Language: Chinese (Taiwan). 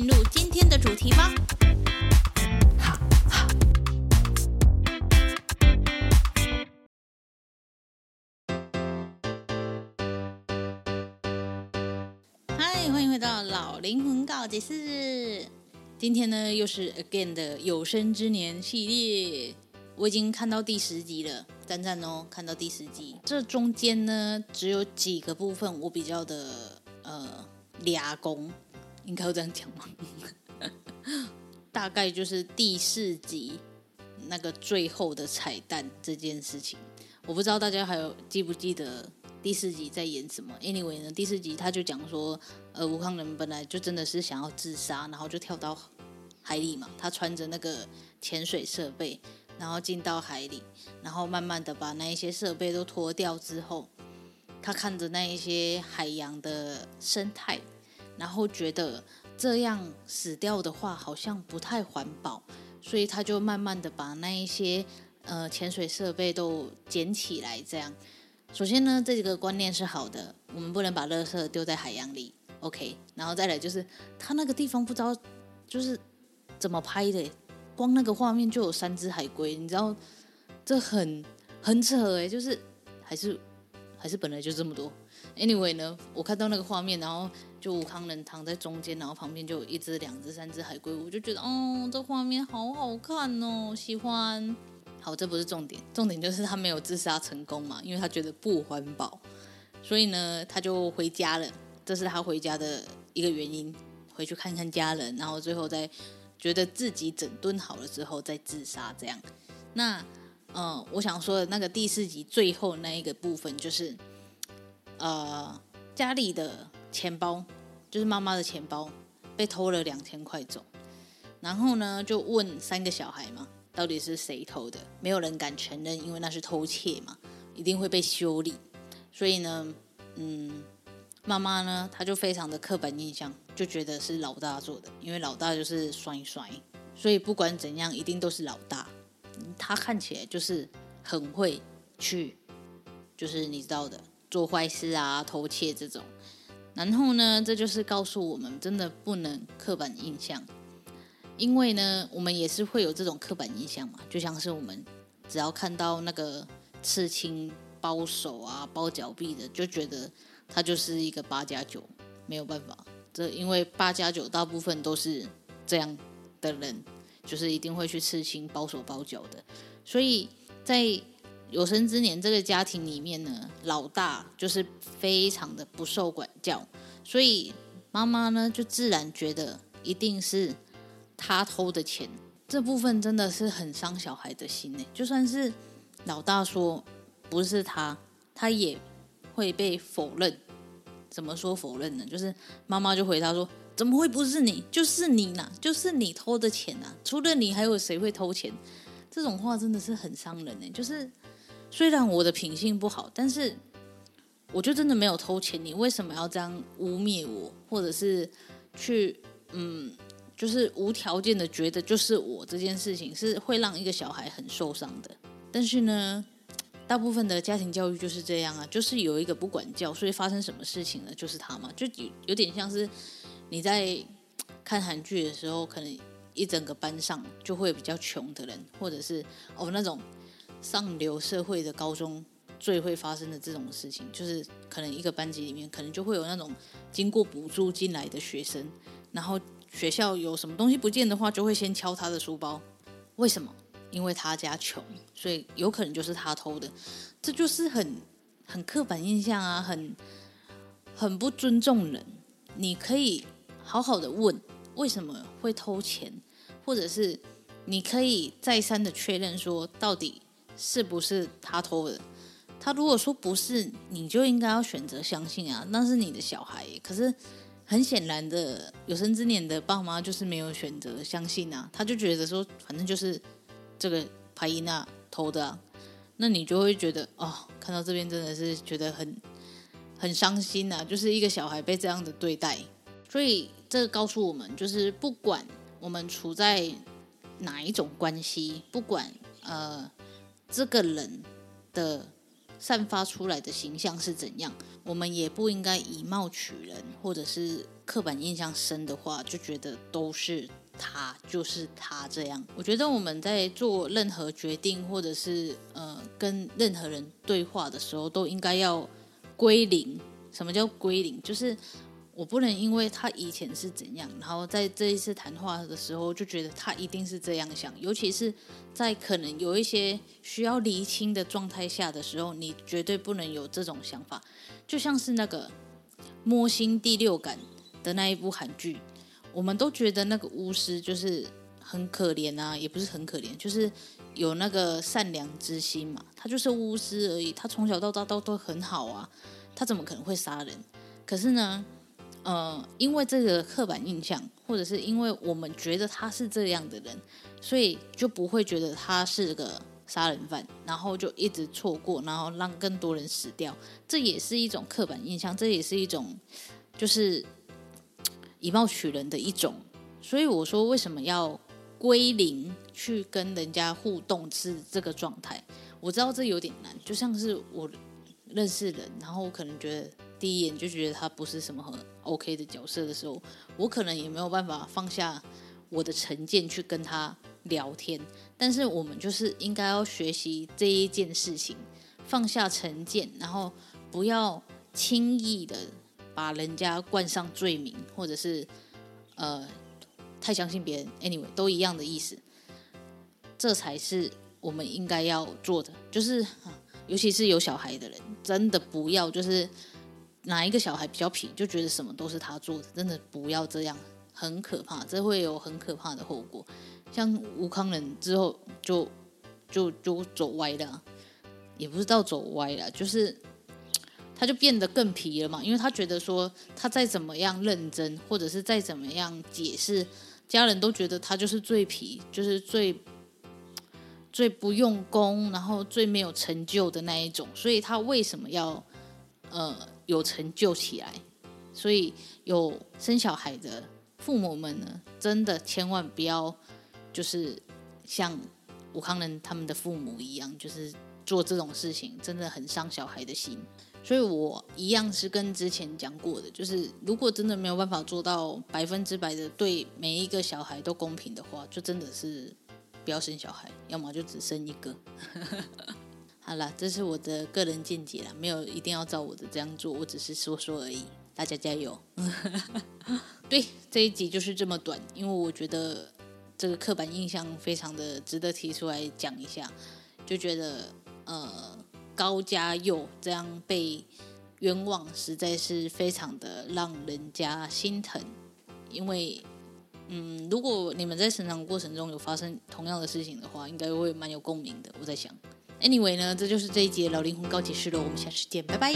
進入今天的主題吧。好，好。嗨，歡迎回到老靈魂告解室。今天呢，又是 again 的有生之年系列。我已經看到第十集了，讚讚哦，看到第十集。這中間呢，只有幾個部分我比較的呃，拉弓。應該要這樣講嗎？ 大概就是第四集那個最後的彩蛋這件事情，我不知道大家還有記不記得第四集在演什麼。Anyway 呢，第四集他就講說，呃，吳慷仁本來就真的是想要自殺，然後就跳到海裡嘛。他穿着那個潛水設備，然後進到海裡，然後慢慢的把那一些設備都脫掉之後，他看着那一些海洋的生態。然後覺得這樣死掉的話好像不太環保，所以他就慢慢的把那一些呃潛水設備都撿起來。這樣，首先呢，這個觀念是好的，我們不能把垃圾丟在海洋裡。OK，然後再來就是他那個地方不知道就是怎麼拍的，光那個畫面就有三隻海龜，你知道這很很扯誒，就是還是還是本來就這麼多。Anyway 呢，我看到那個畫面，然後。就吳慷仁躺在中間，然後旁邊就有一隻、兩隻、三隻海龜，我就覺得，哦，這畫面好好看哦，喜歡。好，這不是重點，重點就是他沒有自殺成功嘛，因為他覺得不環保，所以呢，他就回家了。這是他回家的一個原因，回去看看家人，然後最後再覺得自己整頓好了之後再自殺，這樣。那，嗯、呃，我想說的那個第四集最後那一個部分，就是，呃，家裡的。錢包就是媽媽的錢包被偷了兩千塊走，然後呢，就問三個小孩嘛，到底是誰偷的？沒有人敢承認，因為那是偷竊嘛，一定會被修理。所以呢，嗯，媽媽呢，她就非常的刻板印象，就覺得是老大做的，因為老大就是衰衰，所以不管怎樣一定都是老大。他、嗯、看起來就是很會去，就是你知道的做壞事啊、偷竊這種。然後呢，這就是告訴我們，真的不能刻板印象，因為呢，我們也是會有這種刻板印象嘛，就像是我們只要看到那個刺青、包手啊、包腳臂的，就覺得他就是一個八加九，沒有辦法，這因為八加九大部分都是這樣的人，就是一定會去刺青、包手、包腳的，所以在。有生之年，這個家庭裡面呢，老大就是非常的不受管教，所以媽媽呢就自然覺得一定是他偷的錢，這部分真的是很傷小孩的心呢、欸。就算是老大說不是他，他也會被否認。怎麼說否認呢？就是媽媽就回答說：“怎麼會不是你？就是你吶、啊，就是你偷的錢吶、啊。除了你，還有誰會偷錢？”這種話真的是很傷人呢、欸，就是。雖然我的品性不好，但是我就真的沒有偷錢。你為什麼要這樣污衊我，或者是去嗯，就是無條件的覺得就是我這件事情是會讓一個小孩很受傷的？但是呢，大部分的家庭教育就是這樣啊，就是有一個不管教，所以發生什麼事情呢，就是他嘛，就有，有點像是你在看韓劇的時候，可能一整個班上就會比較窮的人，或者是哦那種。上流社會的高中最會發生的這種事情，就是可能一個班級裡面可能就會有那種經過補助進來的學生，然後學校有什麼東西不見的話，就會先敲他的書包。為什麼？因為他家窮，所以有可能就是他偷的。這就是很很刻板印象啊，很很不尊重人。你可以好好的問為什麼會偷錢，或者是你可以再三的確認說到底。是不是他偷的？他如果說不是，你就應該要選擇相信啊，那是你的小孩。可是很顯然的，有生之年的爸媽就是沒有選擇相信啊，他就覺得說，反正就是這個帕伊娜偷的啊。那你就會覺得哦，看到這邊真的是覺得很很傷心啊，就是一個小孩被這樣的對待。所以這告訴我們，就是不管我們處在哪一種關係，不管呃。這個人的散發出來的形象是怎樣？我們也不應該以貌取人，或者是刻板印象深的話，就覺得都是他，就是他這樣。我覺得我們在做任何決定，或者是呃跟任何人對話的時候，都應該要歸零。什麼叫歸零？就是。我不能因為他以前是怎樣，然後在這一次談話的時候就覺得他一定是這樣想，尤其是在可能有一些需要釐清的狀態下的時候，你絕對不能有這種想法。就像是那個摸心第六感的那一部韓劇，我們都覺得那個巫師就是很可憐啊，也不是很可憐，就是有那個善良之心嘛。他就是巫師而已，他從小到大都都很好啊，他怎麼可能會殺人？可是呢，呃，因為這個刻板印象，或者是因為我們覺得他是這樣的人，所以就不會覺得他是個殺人犯，然後就一直錯過，然後讓更多人死掉。這也是一種刻板印象，這也是一種就是以貌取人的一種。所以我說，為什麼要歸零去跟人家互動是這個狀態？我知道這有點難，就像是我認識人，然後我可能覺得。第一眼就覺得他不是什麼很 OK 的角色的時候，我可能也沒有辦法放下我的成見去跟他聊天。但是我們就是應該要學習這一件事情，放下成見，然後不要輕易的把人家冠上罪名，或者是呃太相信別人。Anyway，都一樣的意思。這才是我們應該要做的，就是尤其是有小孩的人，真的不要就是。哪一個小孩比較皮，就覺得什麼都是他做的，真的不要這樣，很可怕，這會有很可怕的後果。像吳慷仁之後就就就走歪了，也不是到走歪了，就是他就變得更皮了嘛，因為他覺得說他再怎麼樣認真，或者是再怎麼樣解釋，家人都覺得他就是最皮，就是最最不用功，然後最沒有成就的那一種，所以他為什麼要呃？有成就起來，所以有生小孩的父母們呢，真的千萬不要，就是像武康人他們的父母一樣，就是做這種事情，真的很傷小孩的心。所以我一樣是跟之前講過的，就是如果真的沒有辦法做到百分之百的對每一個小孩都公平的話，就真的是不要生小孩，要麼就只生一個。 好了，這是我的個人見解啦，沒有一定要照我的這樣做，我只是說說而已。大家加油！ 對，這一集就是這麼短，因為我覺得這個刻板印象非常的值得提出來講一下。就覺得呃，高嘉佑這樣被冤枉，實在是非常的讓人家心疼。因為嗯，如果你們在成長過程中有發生同樣的事情的話，應該會蠻有共鳴的。我在想。Anyway 呢，這就是這一集的老靈魂告解室了。我們下次見，拜拜。